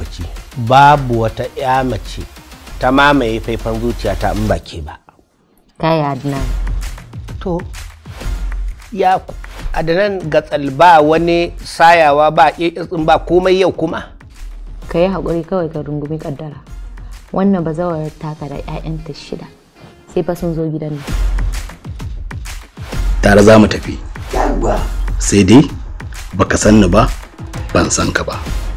lokaci babu wata ya mace ta mamaye faifan zuciya ta in ba ke ba ta adnan to ya adnan gatsal ba wani sayawa ba in ba komai yau kuma ka yi haƙuri kawai ka rungumi kaddara wannan ba zawar taka da 'ya'yanta shida sai ba sun zo gidan nan tare za mu tafi sai dai baka san ni ba ban san ka ba